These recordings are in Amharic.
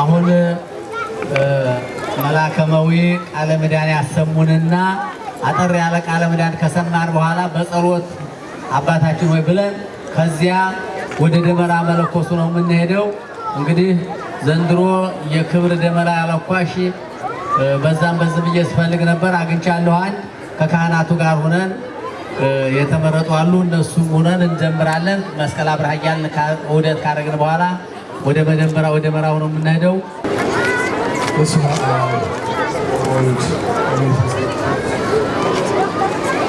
አሁን መላከመዊ ቃለ ምዳን ያሰሙንና አጠር ያለ ቃለ ምዳን ከሰማን በኋላ በጸሎት አባታችን ሆይ ብለን ከዚያ ወደ ደመራ መለኮሱ ነው የምንሄደው። እንግዲህ ዘንድሮ የክብር ደመራ ያለኳሽ በዛም በዚህ ብዬ ስፈልግ ነበር አግኝቻለሁ። አንድ ከካህናቱ ጋር ሁነን የተመረጡ አሉ። እነሱም ሁነን እንጀምራለን። መስቀል አብርሃ እያልን ካደረግን በኋላ ወደ መደመራ ወደ መራው ነው የምንሄደው።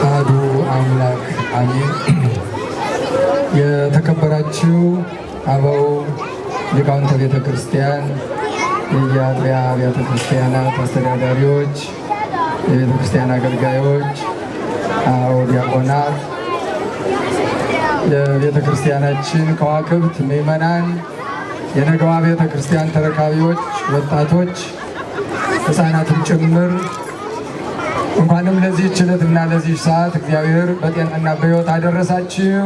አሐዱ አምላክ አሜን። የተከበራችሁ አበው ሊቃውንተ ቤተ ክርስቲያን፣ የየአጥቢያ ቤተ ክርስቲያናት አስተዳዳሪዎች፣ የቤተ ክርስቲያን አገልጋዮች፣ አበው ዲያቆናት፣ የቤተ ክርስቲያናችን ከዋክብት ምእመናን የነገዋ ቤተ ክርስቲያን ተረካቢዎች፣ ወጣቶች፣ ህፃናትን ጭምር እንኳንም ለዚህ ችለትና ለዚህ ሰዓት እግዚአብሔር በጤናና በህይወት አደረሳችሁ።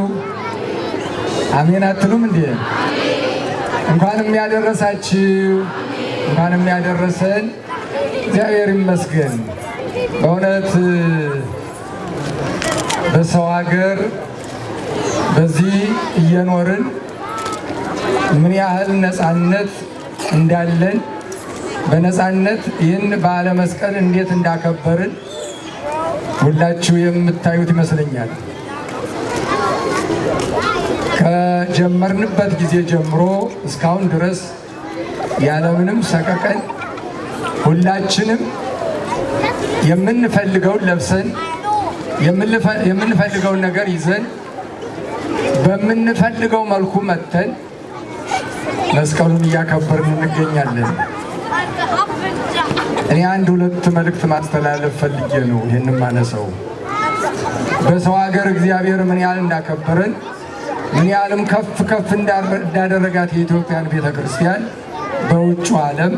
አሜን አትሉም እንዴ? እንኳንም ያደረሳችሁ፣ እንኳንም ያደረሰን። እግዚአብሔር ይመስገን። በእውነት በሰው ሀገር በዚህ እየኖርን ምን ያህል ነፃነት እንዳለን በነፃነት ይህን በዓለ መስቀል እንዴት እንዳከበርን ሁላችሁ የምታዩት ይመስለኛል። ከጀመርንበት ጊዜ ጀምሮ እስካሁን ድረስ ያለምንም ሰቀቀን ሁላችንም የምንፈልገውን ለብሰን የምንፈልገውን ነገር ይዘን በምንፈልገው መልኩ መጥተን መስቀሉን እያከበርን እንገኛለን። እኔ አንድ ሁለት መልእክት ማስተላለፍ ፈልጌ ነው ይህን ማነሰው። በሰው ሀገር እግዚአብሔር ምን ያህል እንዳከበረን ምን ያህልም ከፍ ከፍ እንዳደረጋት የኢትዮጵያን ቤተ ክርስቲያን በውጩ ዓለም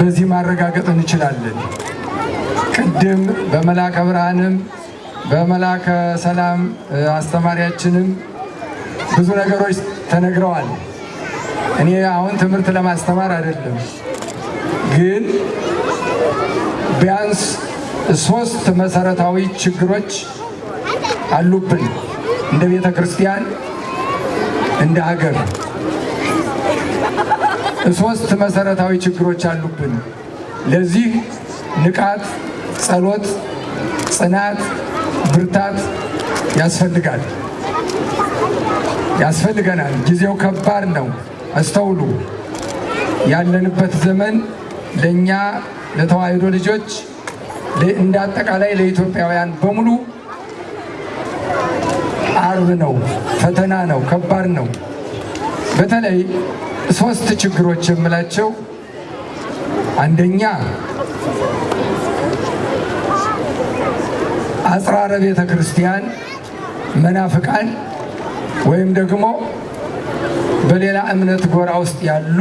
በዚህ ማረጋገጥ እንችላለን። ቅድም በመላከ ብርሃንም በመላከ ሰላም አስተማሪያችንም ብዙ ነገሮች ተነግረዋል። እኔ አሁን ትምህርት ለማስተማር አይደለም፣ ግን ቢያንስ ሶስት መሰረታዊ ችግሮች አሉብን እንደ ቤተ ክርስቲያን፣ እንደ ሀገር ሶስት መሰረታዊ ችግሮች አሉብን። ለዚህ ንቃት፣ ጸሎት፣ ጽናት፣ ብርታት ያስፈልጋል። ያስፈልገናል። ጊዜው ከባድ ነው። አስተውሉ። ያለንበት ዘመን ለእኛ ለተዋሕዶ ልጆች እንደ አጠቃላይ ለኢትዮጵያውያን በሙሉ አርብ ነው፣ ፈተና ነው፣ ከባድ ነው። በተለይ ሶስት ችግሮች የምላቸው አንደኛ አጽራረ ቤተ ክርስቲያን መናፍቃን ወይም ደግሞ በሌላ እምነት ጎራ ውስጥ ያሉ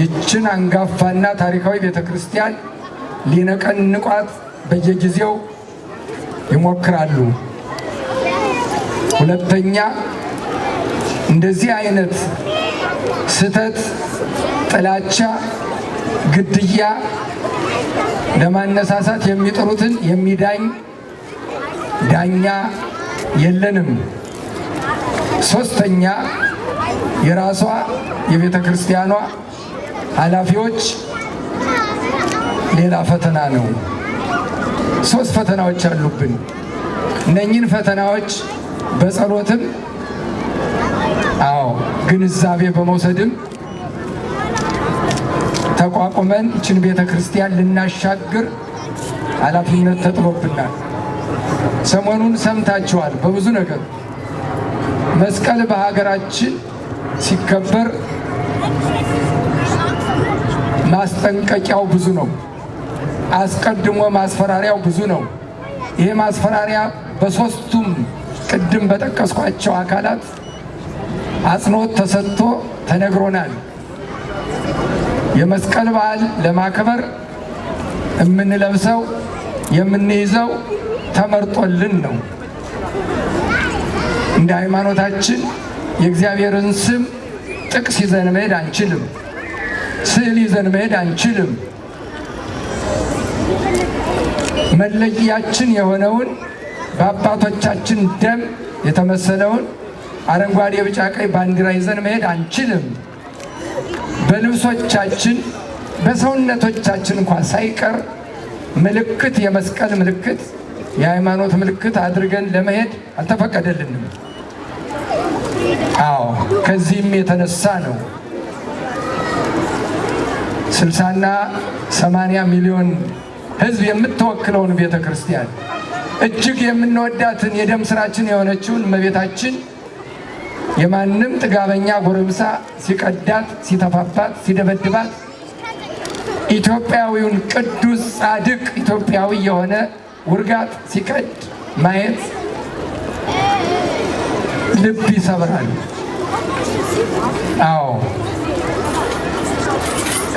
ይችን አንጋፋና ታሪካዊ ቤተ ክርስቲያን ሊነቀንቋት በየጊዜው ይሞክራሉ። ሁለተኛ እንደዚህ አይነት ስህተት፣ ጥላቻ፣ ግድያ ለማነሳሳት የሚጥሩትን የሚዳኝ ዳኛ የለንም። ሶስተኛ የራሷ የቤተ ክርስቲያኗ ኃላፊዎች ሌላ ፈተና ነው። ሶስት ፈተናዎች አሉብን። እነኝን ፈተናዎች በጸሎትም አዎ ግንዛቤ በመውሰድም ተቋቁመን ይችን ቤተ ክርስቲያን ልናሻግር ኃላፊነት ተጥሎብናል። ሰሞኑን ሰምታችኋል በብዙ ነገር መስቀል በሀገራችን ሲከበር ማስጠንቀቂያው ብዙ ነው። አስቀድሞ ማስፈራሪያው ብዙ ነው። ይህ ማስፈራሪያ በሶስቱም ቅድም በጠቀስኳቸው አካላት አጽንኦት ተሰጥቶ ተነግሮናል። የመስቀል በዓል ለማክበር የምንለብሰው የምንይዘው ተመርጦልን ነው። እንደ ሃይማኖታችን የእግዚአብሔርን ስም ጥቅስ ይዘን መሄድ አንችልም። ስዕል ይዘን መሄድ አንችልም። መለያችን የሆነውን በአባቶቻችን ደም የተመሰለውን አረንጓዴ፣ ቢጫ፣ ቀይ ባንዲራ ይዘን መሄድ አንችልም። በልብሶቻችን በሰውነቶቻችን እንኳ ሳይቀር ምልክት የመስቀል ምልክት የሃይማኖት ምልክት አድርገን ለመሄድ አልተፈቀደልንም። አዎ ከዚህም የተነሳ ነው ስልሳና ሰማንያ ሚሊዮን ህዝብ የምትወክለውን ቤተ ክርስቲያን እጅግ የምንወዳትን የደም ስራችን የሆነችውን እመቤታችን የማንም ጥጋበኛ ጎረምሳ ሲቀዳት፣ ሲተፋፋት ሲደበድባት ኢትዮጵያዊውን ቅዱስ ጻድቅ ኢትዮጵያዊ የሆነ ውርጋት ሲቀድ ማየት ልብ ይሰብራል። አዎ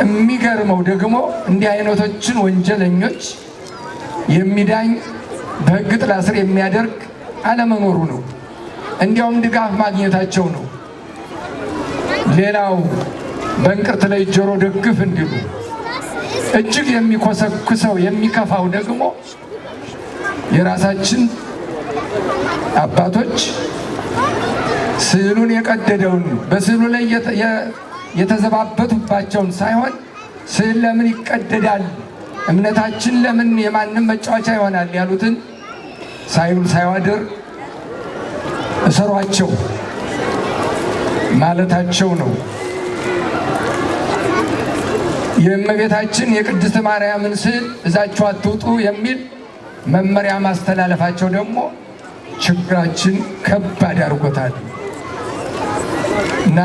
የሚገርመው ደግሞ እንዲህ አይነቶችን ወንጀለኞች የሚዳኝ በህግ ጥላ ስር የሚያደርግ አለመኖሩ ነው። እንዲያውም ድጋፍ ማግኘታቸው ነው። ሌላው በእንቅርት ላይ ጆሮ ደግፍ እንዲሉ እጅግ የሚኮሰኩሰው የሚከፋው ደግሞ የራሳችን አባቶች ስዕሉን የቀደደውን በስዕሉ ላይ የተዘባበቱባቸውን ሳይሆን ስዕል ለምን ይቀደዳል፣ እምነታችን ለምን የማንም መጫወቻ ይሆናል ያሉትን ሳይውል ሳይዋድር እሰሯቸው ማለታቸው ነው። የእመቤታችን የቅድስት ማርያምን ስዕል እዛችሁ አትውጡ የሚል መመሪያ ማስተላለፋቸው ደግሞ ችግራችን ከባድ አድርጎታል። እና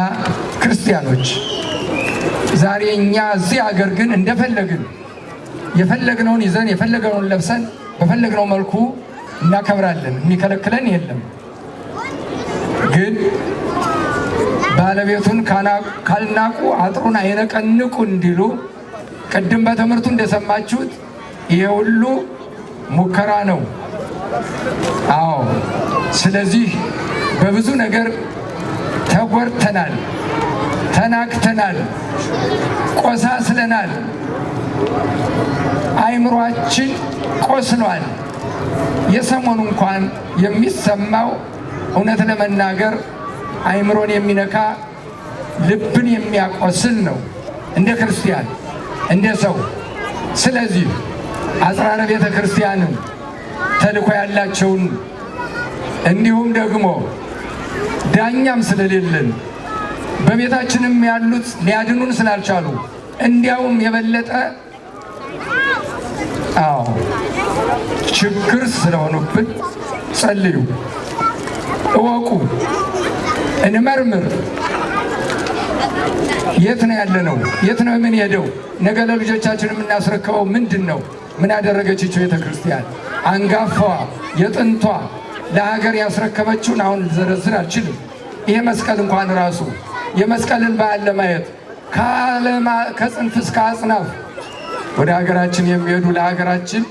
ክርስቲያኖች ዛሬ እኛ እዚህ ሀገር ግን እንደፈለግን የፈለግነውን ይዘን የፈለግነውን ለብሰን በፈለግነው መልኩ እናከብራለን። የሚከለክለን የለም። ግን ባለቤቱን ካልናቁ አጥሩን አይነቀንቁ እንዲሉ ቅድም በትምህርቱ እንደሰማችሁት ይሄ ሁሉ ሙከራ ነው። አዎ። ስለዚህ በብዙ ነገር ተጎድተናል፣ ተናግተናል፣ ቆሳስለናል። አይምሯችን ቆስሏል። የሰሞኑ እንኳን የሚሰማው እውነት ለመናገር አይምሮን የሚነካ ልብን የሚያቆስል ነው፣ እንደ ክርስቲያን እንደ ሰው። ስለዚህ አጽራረ ቤተ ክርስቲያንን ተልእኮ ያላቸውን እንዲሁም ደግሞ ዳኛም ስለሌለን በቤታችንም ያሉት ሊያድኑን ስላልቻሉ እንዲያውም የበለጠ አዎ ችግር ስለሆኑብን ጸልዩ፣ እወቁ፣ እንመርምር። የት ነው ያለ ነው? የት ነው ሄደው? ነገ ለልጆቻችን የምናስረክበው ምንድን ነው? ምን ያደረገችችው ቤተ ክርስቲያን አንጋፋዋ የጥንቷ ለሀገር ያስረከበችውን አሁን ልዘረዝር አልችልም። ይህ መስቀል እንኳን ራሱ የመስቀልን በዓል ለማየት ከጽንፍ እስከ አጽናፍ ወደ ሀገራችን የሚሄዱ ለሀገራችን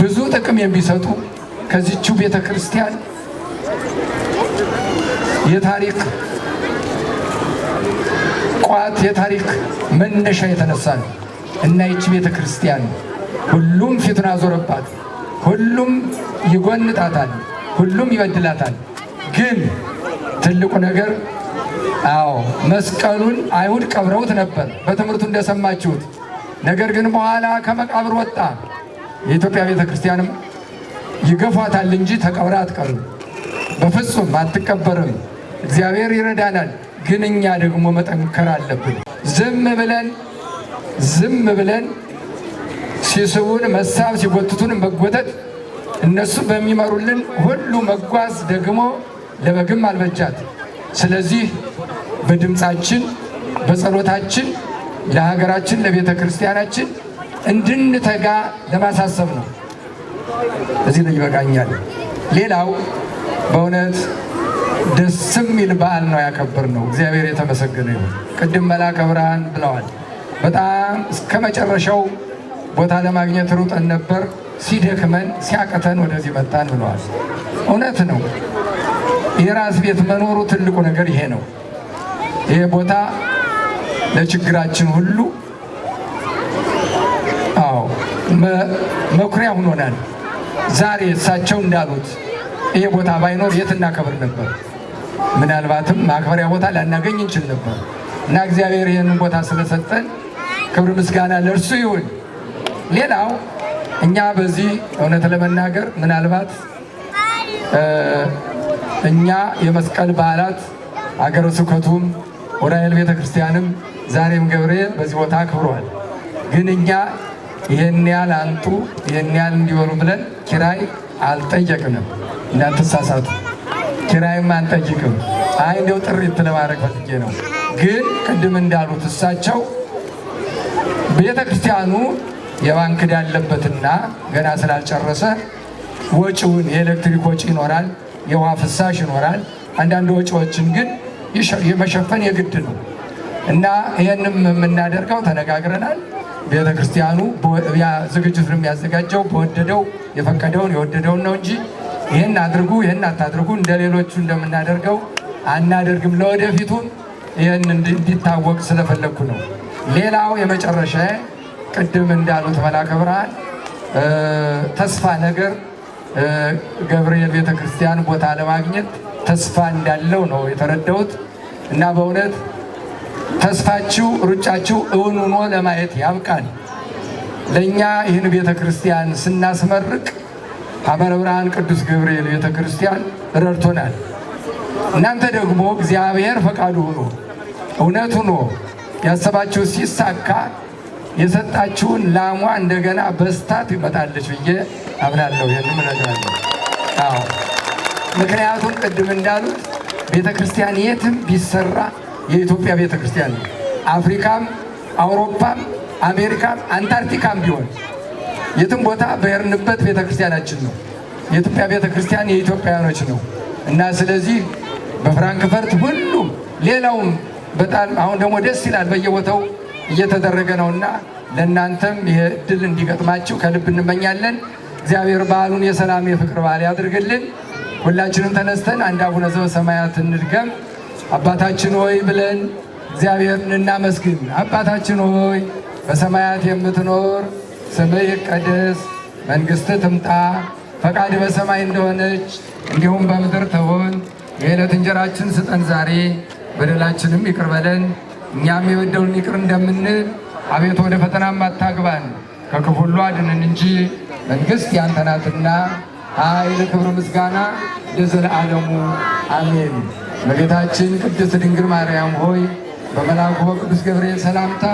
ብዙ ጥቅም የሚሰጡ ከዚችው ቤተ ክርስቲያን የታሪክ ቋት የታሪክ መነሻ የተነሳ ነው እና ይቺ ቤተ ክርስቲያን ሁሉም ፊቱን አዞረባት። ሁሉም ይጎንጣታል፣ ሁሉም ይበድላታል። ግን ትልቁ ነገር አዎ መስቀሉን አይሁድ ቀብረውት ነበር በትምህርቱ እንደሰማችሁት። ነገር ግን በኋላ ከመቃብር ወጣ። የኢትዮጵያ ቤተ ክርስቲያንም ይገፏታል እንጂ ተቀብራ አትቀርም፣ በፍጹም አትቀበርም። እግዚአብሔር ይረዳናል። ግን እኛ ደግሞ መጠንከር አለብን። ዝም ብለን ዝም ብለን ሲስቡን መሳብ፣ ሲጎትቱን መጎተት፣ እነሱ በሚመሩልን ሁሉ መጓዝ ደግሞ ለበግም አልበጃት። ስለዚህ በድምፃችን በጸሎታችን ለሀገራችን ለቤተ ክርስቲያናችን እንድንተጋ ለማሳሰብ ነው። እዚህ ላይ ይበቃኛል። ሌላው በእውነት ደስ የሚል በዓል ነው ያከበርነው። እግዚአብሔር የተመሰገነ ይሁን። ቅድም መላከ ብርሃን ብለዋል። በጣም እስከ መጨረሻው ቦታ ለማግኘት ሩጠን ነበር፣ ሲደክመን ሲያቅተን ወደዚህ መጣን ብለዋል። እውነት ነው። የራስ ቤት መኖሩ ትልቁ ነገር ይሄ ነው። ይሄ ቦታ ለችግራችን ሁሉ አዎ መኩሪያ ሆኖናል። ዛሬ እሳቸው እንዳሉት ይሄ ቦታ ባይኖር የት እናከብር ነበር? ምናልባትም ማክበሪያ ቦታ ላናገኝ እንችል ነበር እና እግዚአብሔር ይህንን ቦታ ስለሰጠን ክብር ምስጋና ለእርሱ ይሁን። ሌላው እኛ በዚህ እውነት ለመናገር ምናልባት እኛ የመስቀል በዓላት አገረ ስብከቱም ወራኤል ቤተ ክርስቲያንም ዛሬም ገብርኤል በዚህ ቦታ አክብሯል። ግን እኛ ይህን ያህል አንጡ ይህን ያህል እንዲሆኑ ብለን ኪራይ አልጠየቅንም። እንዳትሳሳቱ ኪራይም አንጠይቅም። አይ እንደው ጥሪት ለማድረግ ፈልጌ ነው። ግን ቅድም እንዳሉት እሳቸው ቤተ ክርስቲያኑ የባንክ ክዳ ያለበትና ገና ስላልጨረሰ ወጪውን የኤሌክትሪክ ወጪ ይኖራል፣ የውሃ ፍሳሽ ይኖራል። አንዳንድ ወጪዎችን ግን የመሸፈን የግድ ነው እና ይህንም የምናደርገው ተነጋግረናል። ቤተ ክርስቲያኑ ዝግጅቱን የሚያዘጋጀው በወደደው የፈቀደውን የወደደውን ነው እንጂ ይህን አድርጉ ይህን አታድርጉ እንደ ሌሎቹ እንደምናደርገው አናደርግም። ለወደፊቱም ይህን እንዲታወቅ ስለፈለግኩ ነው። ሌላው የመጨረሻ ቅድም እንዳሉት መላከ ብርሃን ተስፋ ነገር ገብርኤል ቤተክርስቲያን ቦታ ለማግኘት ተስፋ እንዳለው ነው የተረዳሁት እና በእውነት ተስፋችሁ ሩጫችሁ እውን ሆኖ ለማየት ያብቃል። ለእኛ ይህን ቤተክርስቲያን ስናስመርቅ ሐመረ ብርሃን ቅዱስ ገብርኤል ቤተክርስቲያን ረድቶናል። እናንተ ደግሞ እግዚአብሔር ፈቃዱ ሆኖ እውነት ሆኖ ያሰባችሁ ሲሳካ የሰጣችሁን ላሟ እንደገና በስታ ትመጣለች ብዬ አምናለሁ። ይህንም እነግራለሁ። አዎ ምክንያቱም ቅድም እንዳሉት ቤተ ክርስቲያን የትም ቢሰራ የኢትዮጵያ ቤተ ክርስቲያን ነው። አፍሪካም፣ አውሮፓም፣ አሜሪካም አንታርክቲካም ቢሆን የትም ቦታ በሄድንበት ቤተ ክርስቲያናችን ነው። የኢትዮጵያ ቤተ ክርስቲያን የኢትዮጵያውያኖች ነው እና ስለዚህ በፍራንክፈርት ሁሉም ሌላውም በጣም አሁን ደግሞ ደስ ይላል በየቦታው እየተደረገ ነውና ለእናንተም ይሄ እድል እንዲገጥማችሁ ከልብ እንመኛለን። እግዚአብሔር በዓሉን የሰላም የፍቅር በዓል ያድርግልን። ሁላችንም ተነስተን አንድ አቡነ ዘበሰማያት እንድገም። አባታችን ሆይ ብለን እግዚአብሔርን እናመስግን። አባታችን ሆይ በሰማያት የምትኖር ስምህ ይቀደስ፣ መንግስት ትምጣ፣ ፈቃድ በሰማይ እንደሆነች እንዲሁም በምድር ትሆን የዕለት እንጀራችን ስጠን ዛሬ፣ በደላችንም ይቅር በለን እኛም የበደሉን ይቅር እንደምንል አቤቱ ወደ ፈተናም አታግባን ከክፉ ሁሉ አድነን እንጂ መንግስት ያንተ ናትና ኃይል፣ ክብር፣ ምስጋና ለዘለዓለሙ አሜን። እመቤታችን ቅድስት ድንግል ማርያም ሆይ በመልአኩ በቅዱስ ገብርኤል ሰላምታ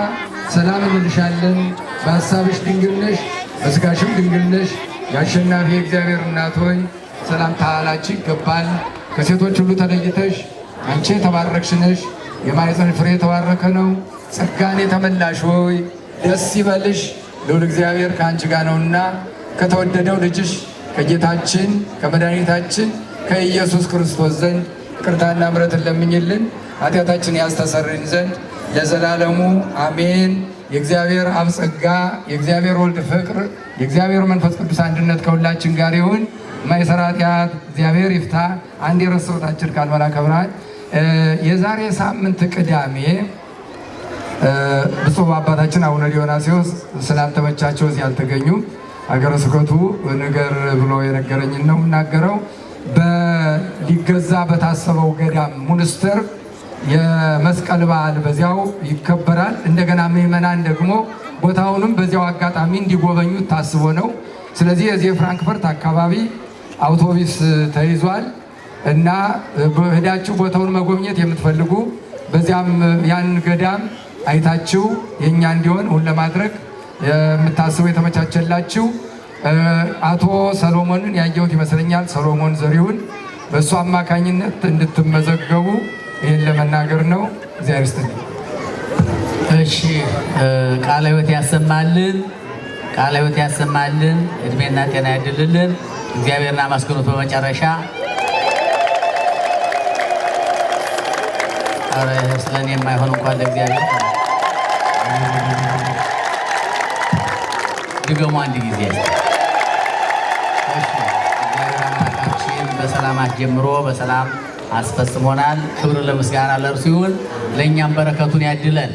ሰላም እንልሻለን። በሐሳብሽ ድንግል ነሽ፣ በሥጋሽም ድንግል ነሽ። የአሸናፊ የእግዚአብሔር እናት ሆይ ሰላምታ ላንቺ ይገባል። ከሴቶች ሁሉ ተለይተሽ አንቺ የተባረክሽ ነሽ። የማኅፀን ፍሬ የተባረከ ነው። ጸጋን የተመላሽ ሆይ ደስ ይበልሽ፣ ልዑል እግዚአብሔር ከአንቺ ጋር ነውና ከተወደደው ልጅሽ ከጌታችን ከመድኃኒታችን ከኢየሱስ ክርስቶስ ዘንድ ይቅርታና ምሕረትን ለምኝልን ኃጢአታችን ያስተሰርይን ዘንድ ለዘላለሙ አሜን። የእግዚአብሔር አብ ጸጋ፣ የእግዚአብሔር ወልድ ፍቅር፣ የእግዚአብሔር መንፈስ ቅዱስ አንድነት ከሁላችን ጋር ይሁን። ማይሰራ ኃጢአት እግዚአብሔር ይፍታ። አንድ የረሰውታችን ቃል መላከ የዛሬ ሳምንት ቅዳሜ ብፁዕ አባታችን አቡነ ዲዮናስዮስ ስላልተመቻቸው እዚህ አልተገኙም። ሀገረ ስብከቱ ንገር ብሎ የነገረኝን ነው የምናገረው። በሊገዛ በታሰበው ገዳም ሙኒስትር የመስቀል በዓል በዚያው ይከበራል። እንደገና ምዕመናን ደግሞ ቦታውንም በዚያው አጋጣሚ እንዲጎበኙት ታስቦ ነው። ስለዚህ የዚህ ፍራንክፈርት አካባቢ አውቶቢስ ተይዟል። እና በህዳችሁ ቦታውን መጎብኘት የምትፈልጉ በዚያም ያን ገዳም አይታችሁ የእኛ እንዲሆን ሁን ለማድረግ የምታስቡ የተመቻቸላችሁ አቶ ሰሎሞንን ያየሁት ይመስለኛል። ሰሎሞን ዘሪሁን በእሱ አማካኝነት እንድትመዘገቡ ይህን ለመናገር ነው። እግዚአብሔር እሺ፣ ቃለ ሕይወት ያሰማልን፣ ቃለ ሕይወት ያሰማልን፣ እድሜና ጤና ያድልልን። እግዚአብሔርና ማስገኖት በመጨረሻ ኧረ ስለ የማይሆን እንኳን ለእግዚአብሔር ድገሙ አንድ ጊዜ። በሰላም አስጀምሮ በሰላም አስፈጽሞናል። ክብር ለምስጋና ለእርሱ ይሁን። ለእኛም በረከቱን ያድለን።